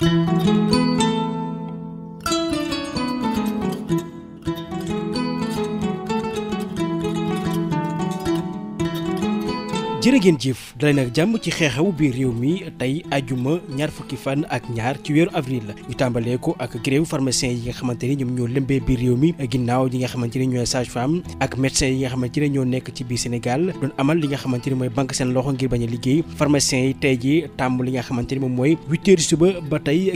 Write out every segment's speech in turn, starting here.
Música jërë ngeen jëf dalee nag jàmm ci xeexew biir réew mi tey ajuma ñaar fukki fan ak ñaar ci weeru avril ñu tàmbalee ko ak gréew pharmacien yi nga xamante ñoom ñoo lëmbee biir réew mi ginnaaw yi nga xamante ni ñooy sage femme ak médecin yi nga xamante ni ñoo nekk ci biir Sénégal doon amal li nga xamante ni mooy banque seen loxo ngir bañ a liggéey pharmacien yi tey tàmm li nga xamante moom mooy huit heures suba ba tey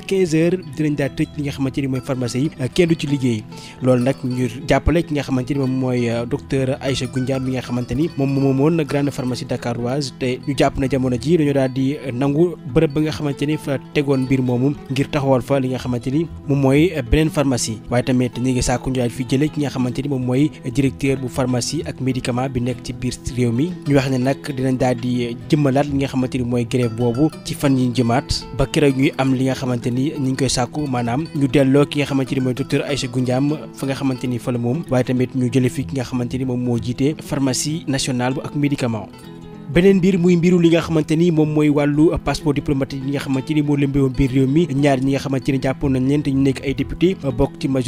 mooy pharmacie yi kenn liggéey loolu nag ñu ki nga xamante ni moom mooy docteur Aïcha Goundiane bi nga xamante ni moom moomoon grande pharmacie Dakar Dakaroise te ñu jàpp na jamono ji dañoo daal di nangu bërëb ba nga xamante ni fa tegoon mbir moomu ngir taxawal fa li nga xamante ni moom mooy beneen pharmacie waaye tamit ñu ngi sàkku ñu daal fi jëlee ki nga xamante ni moom mooy directeur bu pharmacie ak médicament bi nekk ci biir réew mi ñu wax ne nag dinañ daal di jëmmalaat li nga xamante ni mooy grève boobu ci fan yi jëmaat ba keroog ñuy am li nga xamante ni ñu ngi koy sàkku maanaam ñu delloo ki nga xamante ni mooy docteur Aïssa Goundiam fa nga xamante ni fa la moom waaye tamit ñu jëlee fi ki nga xamante ni moom moo jiite pharmacie nationale bu ak médicament beneen mbir muy mbiru li nga xamante ni moom mooy wàllu passeport diplomatique yi nga xamante ni leen te ñu nekk ay député bokk nga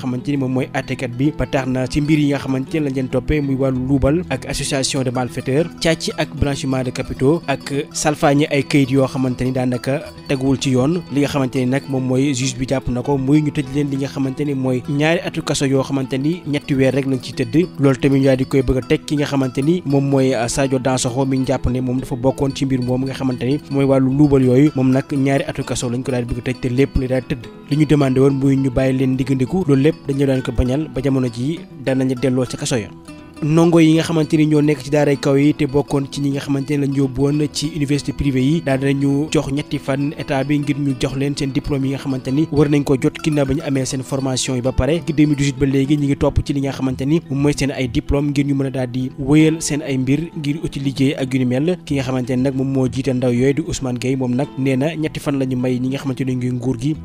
xamante ni moom mooy àttekat bi ba tax na ci mbir yi nga xamante ni lañ leen muy wàllu luubal ak association de malfaiteurs càcc ak blanchiment de capitaux ak salfaañi ay këyit yoo xamante ni daanaka teguwul ci yoon li nga xamante ni nag moom mooy juge bi jàpp na ko muy ñu tëj leen li nga xamante ni mooy ñaari atu yoo xamante ni ñetti weer rek lañ ci tëdd loolu tamit ñu daal di koy bëgg a teg ki nga xamante ni moom mooy euh, Sadio Dansokho mi jàpp ne moom dafa bokkoon ci mbir moom nga xamante ni mooy wàllu luubal yooyu moom nag ñaari atu kaso lañ ko daal di bëgg a te lépp li daal tëdd li ñu demandé woon muy ñu bàyyi leen diggandiku loolu lépp dañu daan ko bañal ba jamono jii danañu delloo ca kaso ya ndongo yi nga xamante ni ñoo nekk ci daaray kaw yi te bokkoon ci ñi nga xamante ne lañ yóbbu woon ci université privée yi daal dinañu jox ñetti fan état bi ngir ñu jox leen seen diplôme yi nga xamante ni war nañ ko jot ginnaaw ba ñu amee seen formation yi ba pare gi 2018 ba léegi ñi ngi topp ci li nga xamante ni mooy seen ay diplôme ngir ñu mën a daal di wéyal seen ay mbir ngir uti liggéey ak yu ni mel ki nga xamante ni nag moom moo jiite ndaw yooyu di Ousmane na ñetti fan la ñu may ñi nga xamante ni ngi nguur gi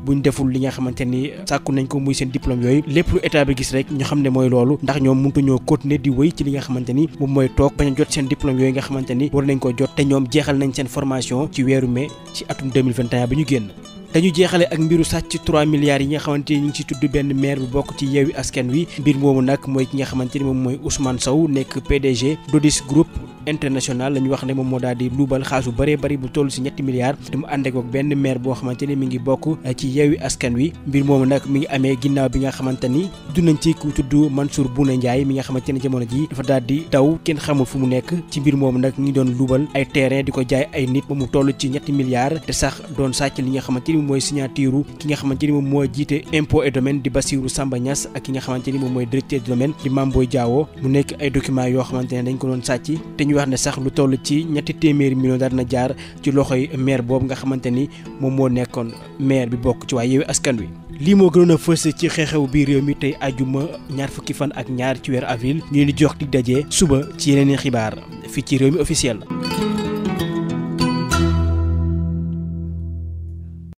li nga xamante ni sàkku nañ ko muy seen diplôme yooyu lépp lu état bi gis rek xam ne mooy loolu ndax ñoom mëntu ñoo continuer wéy ci li nga xamante ni moom mooy toog bañ a jot seen diplôme yooyu nga xamante ni war nañ ko jot te ñoom jeexal nañ seen formation ci weeru mai ci atum 2021 bi ñu génn dañu jeexale ak mbiru sàcc 3 milliards yi nga xamante ni ñu ci tudd benn maire bu bokk ci yeewi askan wi mbir moomu nag mooy ki nga xamante moom mooy Ousmane Sow nekk PDG d'Odis Group international la ñu wax ne moom moo daal di luubal xaasu bëree bëri bu toll si ñetti milliards te mu ànd ak benn maire boo xamante ni mi ngi bokk eh, ci yeewi askan wi mbir moomu nag mi ngi amee ginnaaw bi nga xamante ni tudd nañ ci ku tudd Mansour Bouna Ndiaye mi nga xamante ni jamono ji dafa daal di daw kenn xamul fu mu nekk ci mbir moomu nag ñu doon luubal ay terrain di ko jaay ay nit ba mu toll ci ñetti milliards te sax doon sàcc li nga xamante ni mooy signature ki nga xamante ni moom moo jiite impôt et domaine di Bassirou Samba ak ki nga xamante moom mooy directeur du domaine di Mamboy Diawo mu nekk ay ne dañ ko doon sàcc ñuy wax ne sax lu toll ci ñetti téeméeri million daal na jaar ci loxoy maire boobu nga xamante ni moom moo nekkoon maire bi bokk ci waa Yewwi Askan Wi. lii moo gënoon a fës ci xew-xew bi réew mi tey ajuma ñaar fukki fan ak ñaar ci weeru avril ñuy di jox di daje suba ci yeneen i xibaar fii ci réew mi officiel.